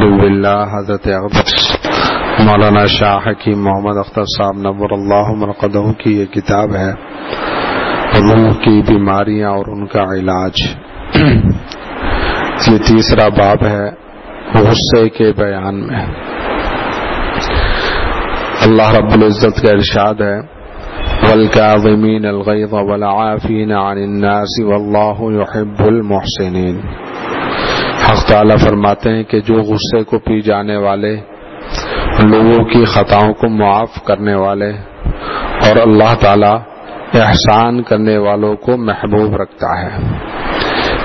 باللہ حضرت اقدس مولانا شاہ حکیم محمد اختر صاحب نور اللہ مرقدوں کی یہ کتاب ہے ملک کی بیماریاں اور ان کا علاج یہ تیسرا باب ہے غصے کے بیان میں اللہ رب العزت کا ارشاد ہے والكاظمين الغيظ والعافين عن الناس والله يحب المحسنين حق فرماتے ہیں کہ جو غصے کو پی جانے والے لوگوں کی خطاؤں کو معاف کرنے والے اور اللہ تعالی احسان کرنے والوں کو محبوب رکھتا ہے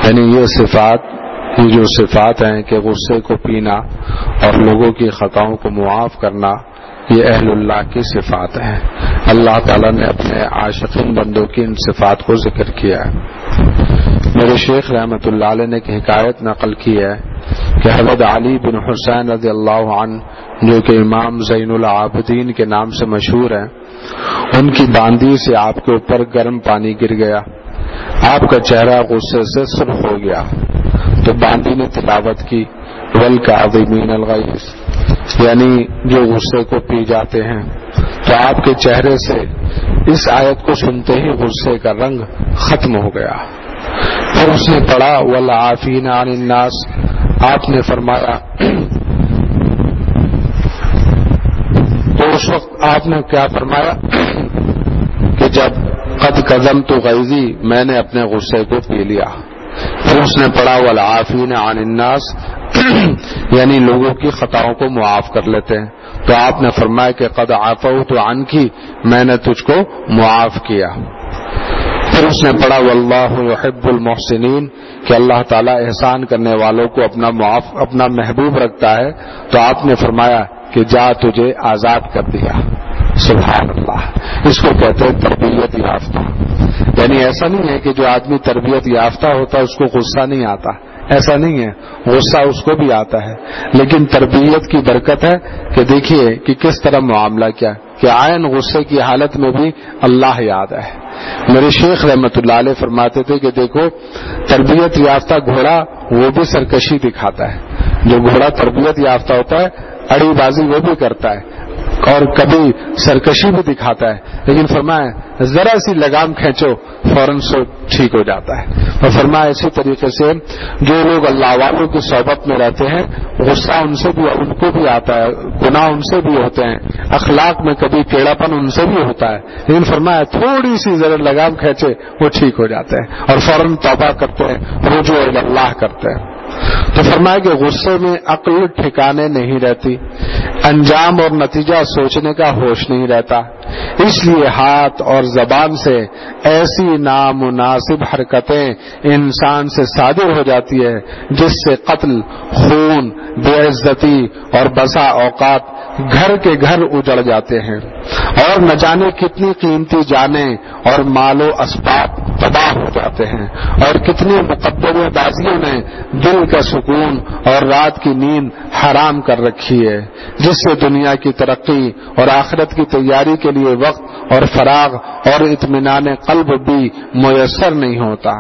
یعنی یہ صفات یہ جو صفات ہیں کہ غصے کو پینا اور لوگوں کی خطاؤں کو معاف کرنا یہ اہل اللہ کی صفات ہیں اللہ تعالیٰ نے اپنے عاشقین بندوں کی ان صفات کو ذکر کیا ہے میرے شیخ رحمۃ اللہ علیہ نے حکایت نقل کی ہے کہ حضرت علی بن حسین رضی اللہ عنہ جو کہ امام زین العابدین کے نام سے مشہور ہیں ان کی باندی سے آپ کے اوپر گرم پانی گر گیا آپ کا چہرہ غصے سے سرخ ہو گیا تو باندی نے تلاوت کی ول کا الغیث یعنی جو غصے کو پی جاتے ہیں تو آپ کے چہرے سے اس آیت کو سنتے ہی غصے کا رنگ ختم ہو گیا پھر اس نے پڑھا عن الناس آپ نے فرمایا تو اس وقت آپ نے کیا فرمایا کہ جب قد قدم تو غیزی میں نے اپنے غصے کو پی لیا پھر اس نے پڑھا ولا آفین الناس یعنی لوگوں کی خطاؤں کو معاف کر لیتے ہیں تو آپ نے فرمایا کہ قد آفا تو عن کی میں نے تجھ کو معاف کیا پھر اس نے پڑھا و اللہ المحسنین کہ اللہ تعالیٰ احسان کرنے والوں کو اپنا معاف اپنا محبوب رکھتا ہے تو آپ نے فرمایا کہ جا تجھے آزاد کر دیا سبحان اللہ اس کو کہتے ہیں تربیت یافتہ یعنی ایسا نہیں ہے کہ جو آدمی تربیت یافتہ ہوتا ہے اس کو غصہ نہیں آتا ایسا نہیں ہے غصہ اس کو بھی آتا ہے لیکن تربیت کی برکت ہے کہ دیکھیے کہ کس طرح معاملہ کیا کہ آئین غصے کی حالت میں بھی اللہ یاد ہے میرے شیخ رحمت اللہ علیہ فرماتے تھے کہ دیکھو تربیت یافتہ گھوڑا وہ بھی سرکشی دکھاتا ہے جو گھوڑا تربیت یافتہ ہوتا ہے اڑی بازی وہ بھی کرتا ہے اور کبھی سرکشی بھی دکھاتا ہے لیکن فرمائے ذرا سی لگام کھینچو فوراً سو ٹھیک ہو جاتا ہے اور فرمایا اسی طریقے سے جو لوگ اللہ والوں کی صحبت میں رہتے ہیں غصہ ان سے بھی ان کو بھی آتا ہے گناہ ان سے بھی ہوتے ہیں اخلاق میں کبھی کیڑاپن ان سے بھی ہوتا ہے لیکن فرمایا تھوڑی سی ذرا لگام کھینچے وہ ٹھیک ہو جاتے ہیں اور فوراً توبہ کرتے ہیں رجوع اللہ کرتے ہیں تو فرمایا کہ غصے میں عقل ٹھکانے نہیں رہتی انجام اور نتیجہ سوچنے کا ہوش نہیں رہتا اس لیے ہاتھ اور زبان سے ایسی نامناسب حرکتیں انسان سے صادر ہو جاتی ہے جس سے قتل خون بے عزتی اور بسا اوقات گھر گھر کے اجڑ جاتے ہیں اور نہ جانے کتنی قیمتی جانے اور مال و اسباب تباہ ہو جاتے ہیں اور کتنی مقدمے بازیوں نے دل کا سکون اور رات کی نیند حرام کر رکھی ہے جس سے دنیا کی ترقی اور آخرت کی تیاری کے لیے وقت اور فراغ اور اطمینان قلب بھی میسر نہیں ہوتا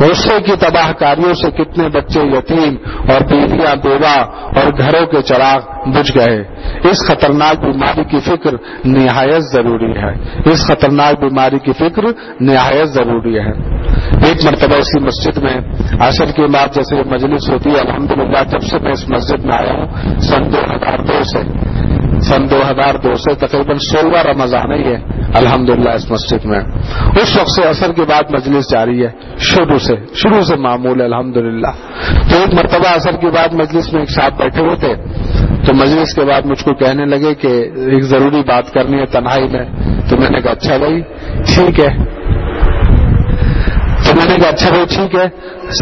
غصے کی تباہ کاریوں سے کتنے بچے یتیم اور بیویاں بیوا اور گھروں کے چراغ بجھ گئے اس خطرناک بیماری کی فکر نہایت ضروری ہے اس خطرناک بیماری کی فکر نہایت ضروری ہے ایک مرتبہ اسی مسجد میں اصل کی بعد جیسے مجلس ہوتی ہے الحمدللہ جب سے میں اس مسجد میں آیا ہوں سن دو ہزار دو سے سن دو ہزار دو سے تقریباً سولہ رمضان ہی ہے الحمد اس مسجد میں اس وقت اثر کے بعد مجلس جاری ہے شروع سے شروع سے معمول الحمد للہ تو ایک مرتبہ اثر کے بعد مجلس میں ایک صاحب بیٹھے ہوئے تھے تو مجلس کے بعد مجھ کو کہنے لگے کہ ایک ضروری بات کرنی ہے تنہائی میں تو میں نے کہا اچھا بھائی ٹھیک ہے تو میں نے کہا اچھا بھائی ٹھیک ہے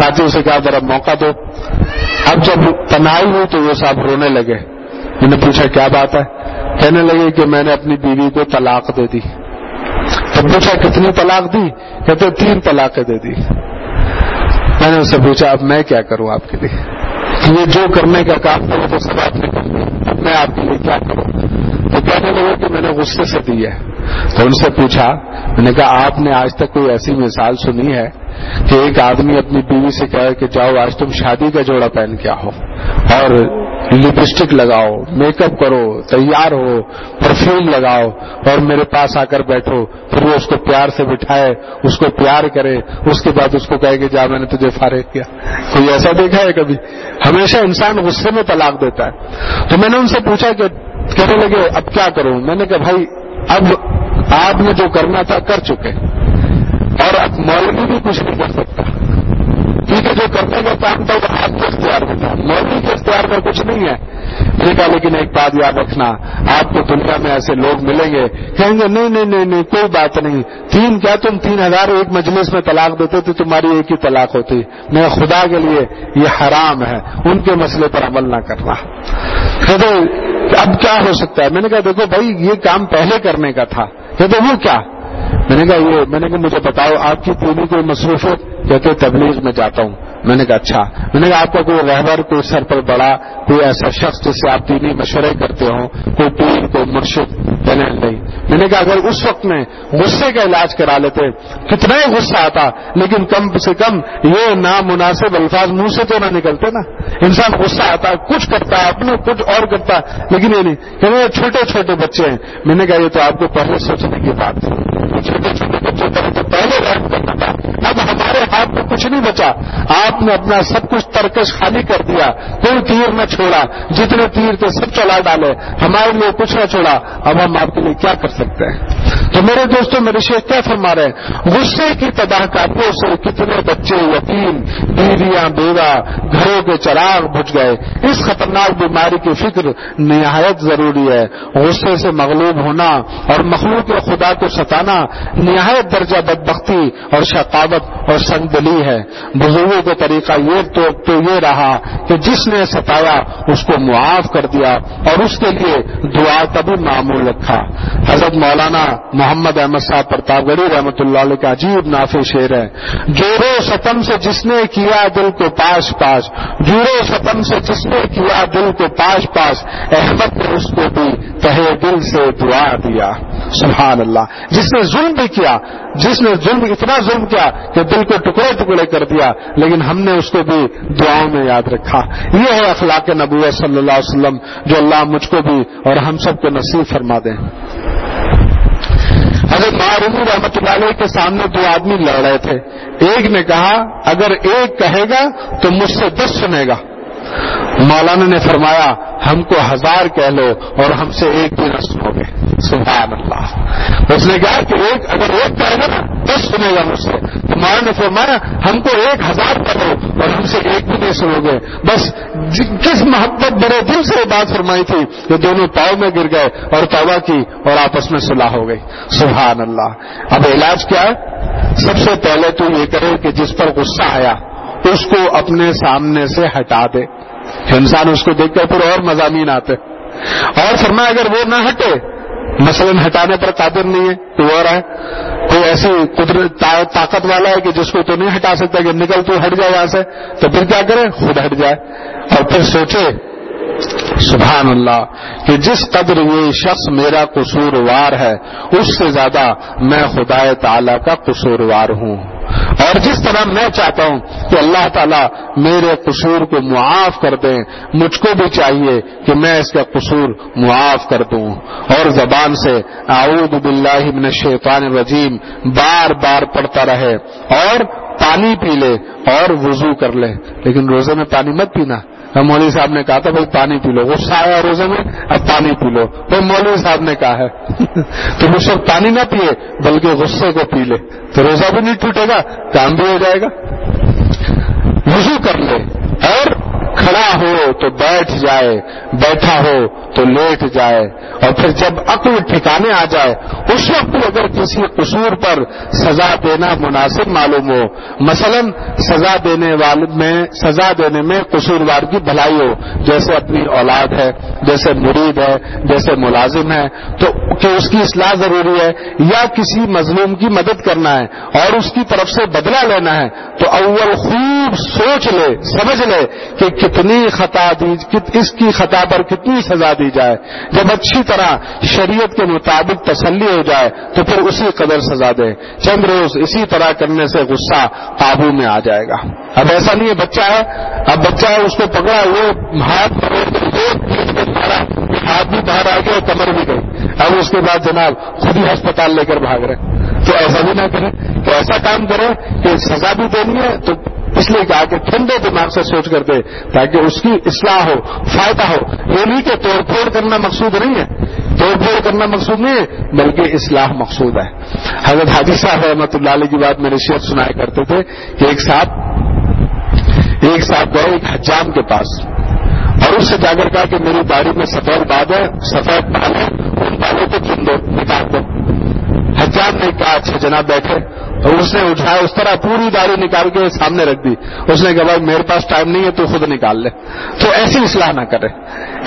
ساتھی اسے کہا ذرا موقع دو اب جب تنہائی ہوئی تو وہ صاحب رونے لگے میں نے پوچھا کیا بات ہے کہنے لگے کہ میں نے اپنی بیوی کو طلاق دے دی تو پوچھا کتنی طلاق دی کہتے تین طلاقیں دے دی میں نے اسے پوچھا اب میں کیا کروں آپ کے لیے کہ یہ جو کرنے کا کام کرو تو سب آپ نے میں آپ کے لیے کیا کروں تو کہنے لگے کہ میں نے غصے سے دی ہے تو ان سے پوچھا میں نے کہا آپ نے آج تک کوئی ایسی مثال سنی ہے کہ ایک آدمی اپنی بیوی سے کہے کہ جاؤ آج تم شادی کا جوڑا پہن کیا ہو اور لپسٹک لگاؤ میک اپ کرو تیار ہو پرفیوم لگاؤ اور میرے پاس آ کر بیٹھو پھر وہ اس کو پیار سے بٹھائے اس کو پیار کرے اس کے بعد اس کو کہے کہ جا میں نے تجھے فارغ کیا کوئی ایسا دیکھا ہے کبھی ہمیشہ انسان غصے میں طلاق دیتا ہے تو میں نے ان سے پوچھا کہ کہنے لگے اب کیا کروں میں نے کہا بھائی اب آپ نے جو کرنا تھا کر چکے اور اب مولوی لیکن ایک بات یاد رکھنا آپ کو دنیا میں ایسے لوگ ملیں گے کہیں گے نہیں نہیں نہیں کوئی بات نہیں تین کیا تم تین ہزار ایک مجلس میں طلاق دیتے تو تمہاری ایک ہی طلاق ہوتی میں خدا کے لیے یہ حرام ہے ان کے مسئلے پر عمل نہ کرنا کہتے اب کیا ہو سکتا ہے میں نے کہا دیکھو بھائی یہ کام پہلے کرنے کا تھا کہتے وہ کیا میں نے کہا یہ میں نے کہا مجھے بتاؤ آپ کی پوری کوئی مصروفیت کہتے تبلیغ میں جاتا ہوں میں نے کہا اچھا میں نے کہا آپ کا کوئی رہبر کوئی سر پر بڑا کوئی ایسا شخص آپ دینی مشورے کرتے ہو کوئی پیر کوئی مرشد کہنے نہیں میں نے کہا اگر اس وقت میں غصے کا علاج کرا لیتے کتنا ہی غصہ آتا لیکن کم سے کم یہ نامناسب الفاظ منہ سے تو نہ نکلتے نا انسان غصہ آتا ہے کچھ کرتا ہے اپنے کچھ اور کرتا ہے لیکن یہ نہیں کہ چھوٹے چھوٹے بچے ہیں میں نے کہا یہ تو آپ کو پہلے سوچنے کی بات چھوٹے چھوٹے کچھ نہیں بچا آپ نے اپنا سب کچھ ترکش خالی کر دیا کوئی تیر نہ چھوڑا جتنے تیر تھے سب چلا ڈالے ہمارے لیے کچھ نہ چھوڑا اب ہم آپ کے لیے کیا کر سکتے ہیں تو میرے دوستوں میں شیخ کیا فرما رہے ہیں غصے کی تباہ کاریوں سے کتنے بچے یتیم بیویاں بیوہ گھروں کے چراغ بج گئے اس خطرناک بیماری کی فکر نہایت ضروری ہے غصے سے مغلوب ہونا اور مخلوق خدا کو ستانا نہایت درجہ بدبختی اور شقاوت اور سنگ دلی ہے بزرگوں کا طریقہ یہ تو, تو یہ رہا کہ جس نے ستایا اس کو معاف کر دیا اور اس کے لیے دعا کا بھی معمول رکھا حضرت مولانا محمد احمد صاحب پرتاپ گڑھی رحمۃ اللہ علیہ کا عجیب نافع شیر ہے و ستم سے جس نے کیا دل کو پاش جور و ستم سے جس نے کیا دل کو پاش پاس احمد نے اس کو بھی تہے دل سے دعا دیا سبحان اللہ جس نے ظلم بھی کیا جس نے ظلم اتنا ظلم کیا کہ دل کو ٹکڑے ٹکڑے کر دیا لیکن ہم نے اس کو بھی دعاؤں میں یاد رکھا یہ ہے اخلاق نبوت صلی اللہ علیہ وسلم جو اللہ مجھ کو بھی اور ہم سب کو نصیب فرما دیں ہمیں رحمت اللہ علیہ کے سامنے دو آدمی لڑ رہے تھے ایک نے کہا اگر ایک کہے گا تو مجھ سے دس سنے گا مولانا نے فرمایا ہم کو ہزار کہہ لو اور ہم سے ایک بھی نہ سنو گے سبحان اللہ اس نے کہا کہ ایک اگر ایک پائے گا نا سنے گا مجھ سے تو مارا ہم کو ایک ہزار کرو اور ہم سے ایک بھی نہیں سنو گے بس کس محبت بڑے دل سے بات فرمائی تھی کہ دونوں پاؤں میں گر گئے اور توبہ کی اور آپس میں صلاح ہو گئی سبحان اللہ اب علاج کیا ہے سب سے پہلے تو یہ کرے کہ جس پر غصہ آیا اس کو اپنے سامنے سے ہٹا دے انسان اس کو دیکھ کر پھر اور مضامین آتے اور فرمایا اگر وہ نہ ہٹے مثلا ہٹانے پر قادر نہیں ہے تو رہا ہے کوئی ایسی قدرت طاقت والا ہے کہ جس کو تو نہیں ہٹا سکتا کہ نکل تو ہٹ جائے وہاں سے تو پھر کیا کرے خود ہٹ جائے اور پھر سوچے سبحان اللہ کہ جس قدر یہ شخص میرا قصوروار ہے اس سے زیادہ میں خدا تعالی کا قصوروار ہوں اور جس طرح میں چاہتا ہوں کہ اللہ تعالیٰ میرے قصور کو معاف کر دیں مجھ کو بھی چاہیے کہ میں اس کا قصور معاف کر دوں اور زبان سے آؤد بلّہ من الشیطان الرجیم بار بار پڑھتا رہے اور پانی پی لے اور وضو کر لے لیکن روزے میں پانی مت پینا مولوی صاحب نے کہا تھا بھائی پانی پی لو غصہ آیا روزے میں اب پانی پی لو تو مولوی صاحب نے کہا ہے تو صرف پانی نہ پیے بلکہ غصے کو پی لے تو روزہ بھی نہیں ٹوٹے گا کام بھی ہو جائے گا وضو کر لے اور کھڑا ہو تو بیٹھ جائے بیٹھا ہو تو لیٹ جائے اور پھر جب عقل ٹھکانے آ جائے اس وقت اگر کسی قصور پر سزا دینا مناسب معلوم ہو مثلا سزا دینے والے میں سزا دینے میں قصوروار کی بھلائی ہو جیسے اپنی اولاد ہے جیسے مرید ہے جیسے ملازم ہے تو کہ اس کی اصلاح ضروری ہے یا کسی مظلوم کی مدد کرنا ہے اور اس کی طرف سے بدلہ لینا ہے تو اول خوب سوچ لے سمجھ لے کہ کتنی خطا دی اس کی خطا پر کتنی سزا دی جائے جب اچھی طرح شریعت کے مطابق تسلی ہو جائے تو پھر اسی قدر سزا دے چند روز اسی طرح کرنے سے غصہ قابو میں آ جائے گا اب ایسا نہیں ہے بچہ ہے اب بچہ ہے اس کو پکڑا وہ ہاتھ ہاتھ بھی باہر آ گئے کمر بھی گئی اب اس کے بعد جناب خود ہی ہسپتال لے کر بھاگ رہے تو ایسا بھی نہ کریں تو ایسا کام کریں کہ سزا بھی دینی ہے تو اس لیے کہا کہ ٹھنڈے دماغ سے سوچ کر دے تاکہ اس کی اصلاح ہو فائدہ ہو یہ نہیں کہ توڑ پھوڑ کرنا مقصود نہیں ہے توڑ پھوڑ کرنا مقصود نہیں ہے بلکہ اصلاح مقصود ہے حضرت حاجی صاحب رحمۃ اللہ علیہ کی بات میرے نے سنایا کرتے تھے کہ ایک ساتھ ایک ساتھ گئے ایک حجام کے پاس اور اس سے جا کر کہا کہ میری داڑھی میں سفید باد ہے سفید بال ہے ان بالوں کو چن دو نکال دو حجام نے کہا اچھا جناب بیٹھے تو اس نے اٹھایا اس طرح پوری داڑھی نکال کے سامنے رکھ دی اس نے کہا بھائی میرے پاس ٹائم نہیں ہے تو خود نکال لے تو ایسی اصلاح نہ کرے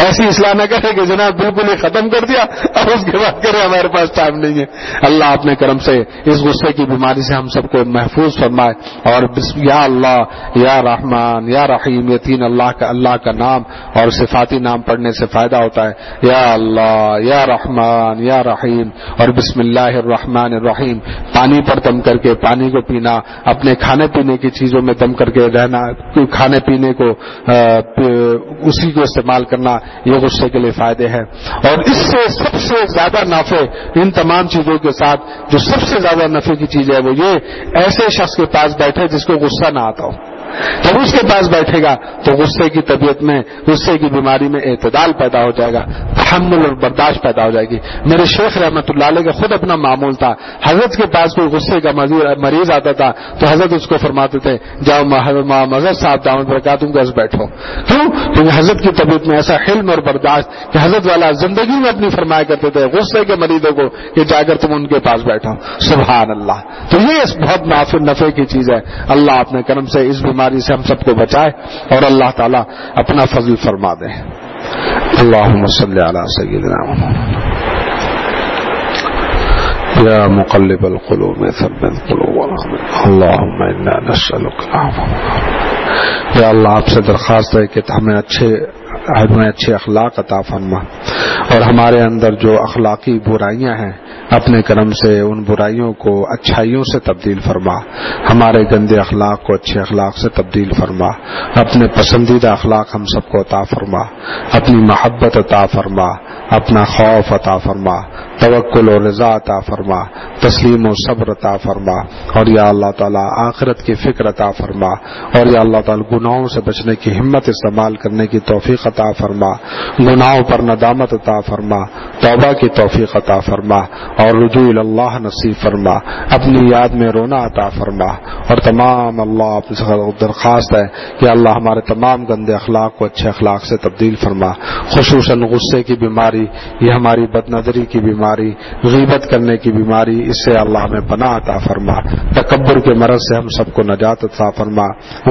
ایسی اصلاح نہ کرے کہ جناب بالکل ہی ختم کر دیا اور اس کے بعد کرے ہمارے پاس ٹائم نہیں ہے اللہ اپنے کرم سے اس غصے کی بیماری سے ہم سب کو محفوظ فرمائے اور بسم یا اللہ یا رحمان یا رحیم یتین اللہ کا اللہ کا نام اور صفاتی نام پڑھنے سے فائدہ ہوتا ہے یا اللہ یا رحمان یا رحیم اور بسم اللہ الرحمن الرحیم پانی پر دم کر کے پانی کو پینا اپنے کھانے پینے کی چیزوں میں دم کر کے رہنا کھانے پینے کو اسی کو استعمال کرنا یہ غصے کے لیے فائدے ہیں اور اس سے سب سے زیادہ نافع ان تمام چیزوں کے ساتھ جو سب سے زیادہ نفے کی چیز ہے وہ یہ ایسے شخص کے پاس بیٹھے جس کو غصہ نہ آتا ہو جب اس کے پاس بیٹھے گا تو غصے کی طبیعت میں غصے کی بیماری میں اعتدال پیدا ہو جائے گا تحمل اور برداشت پیدا ہو جائے گی میرے شیخ رحمت اللہ علیہ کا خود اپنا معمول تھا حضرت کے پاس کوئی غصے کا مریض آتا تھا تو حضرت اس کو فرماتے تھے جاؤ مذہب صاحب بیٹھو کیوں کیونکہ حضرت کی طبیعت میں ایسا حلم اور برداشت کہ حضرت والا زندگی میں اپنی فرمایا کرتے تھے غصے کے مریضوں کو کہ جا کر تم ان کے پاس بیٹھو سبحان اللہ تو یہ بہت نافر نفے کی چیز ہے اللہ اپنے کرم سے اس بیماری بیماری سے ہم سب کو بچائے اور اللہ تعالیٰ اپنا فضل فرما دے اللہ صلی علی سیدنا یا مقلب القلوب ثبت قلوب اللہم انا نسألک یا اللہ آپ سے درخواست ہے کہ ہمیں اچھے ہمیں اچھے اخلاق عطا فرما اور ہمارے اندر جو اخلاقی برائیاں ہیں اپنے کرم سے ان برائیوں کو اچھائیوں سے تبدیل فرما ہمارے گندے اخلاق کو اچھے اخلاق سے تبدیل فرما اپنے پسندیدہ اخلاق ہم سب کو عطا فرما اپنی محبت عطا فرما اپنا خوف عطا فرما توکل و رضا عطا فرما تسلیم و صبر عطا فرما اور یا اللہ تعالیٰ آخرت کی فکر عطا فرما اور یا اللہ تعالیٰ گناہوں سے بچنے کی ہمت استعمال کرنے کی توفیق عطا فرما گناہوں پر ندامت عطا فرما توبہ کی توفیق عطا فرما اور رجوع اللہ نصیب فرما اپنی یاد میں رونا عطا فرما اور تمام اللہ درخواست ہے یا اللہ ہمارے تمام گندے اخلاق کو اچھے اخلاق سے تبدیل فرما خصوصاً غصے کی بیماری بیماری یہ ہماری بد نظری کی بیماری غیبت کرنے کی بیماری اس سے اللہ میں پناہ عطا فرما تکبر کے مرض سے ہم سب کو نجات عطا فرما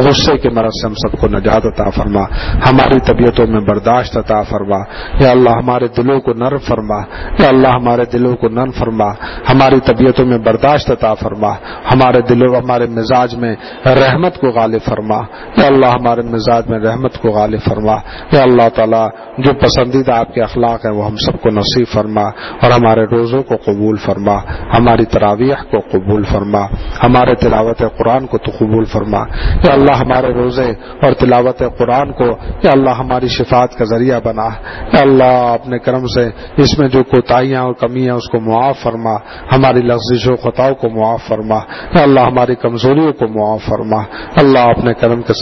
غصے کے مرض سے ہم سب کو نجات عطا فرما ہماری طبیعتوں میں برداشت عطا فرما یا اللہ ہمارے دلوں کو نرم فرما یا اللہ ہمارے دلوں کو نرم فرما ہماری طبیعتوں میں برداشت عطا فرما ہمارے دلوں ہمارے مزاج میں رحمت کو غالب فرما یا اللہ ہمارے مزاج میں رحمت کو غالب فرما یا اللہ تعالیٰ جو پسندیدہ آپ کے اخلاق ہیں وہ ہم سب کو نصیب فرما اور ہمارے روزوں کو قبول فرما ہماری تراویح کو قبول فرما ہمارے تلاوت قرآن کو تو قبول فرما یا اللہ ہمارے روزے اور تلاوت قرآن کو یا اللہ ہماری شفاعت کا ذریعہ بنا یا اللہ اپنے کرم سے اس میں جو کوتاہیاں اور کمیاں اس کو معاف فرما ہماری لفظ و کتاؤ کو معاف فرما یا اللہ ہماری کمزوریوں کو معاف فرما اللہ اپنے کرم کے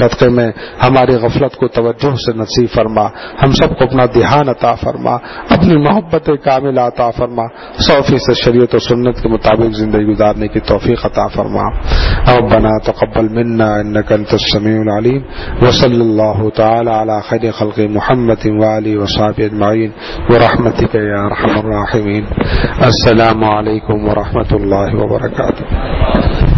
صدقے میں ہماری غفلت کو توجہ سے نصیب فرما ہم سب کو اپنا دھیان عطا فرما اپنی محبت کامل عطا فرما سو فیصد شریعت و سنت کے مطابق زندگی گزارنے کی توفیق عطا فرما ربنا تقبل منا انك انت السميع العليم وصلى الله تعالى على خير خلق محمد وعلى وصحبه اجمعين ورحمتك يا ارحم الراحمين السلام عليكم ورحمه الله وبركاته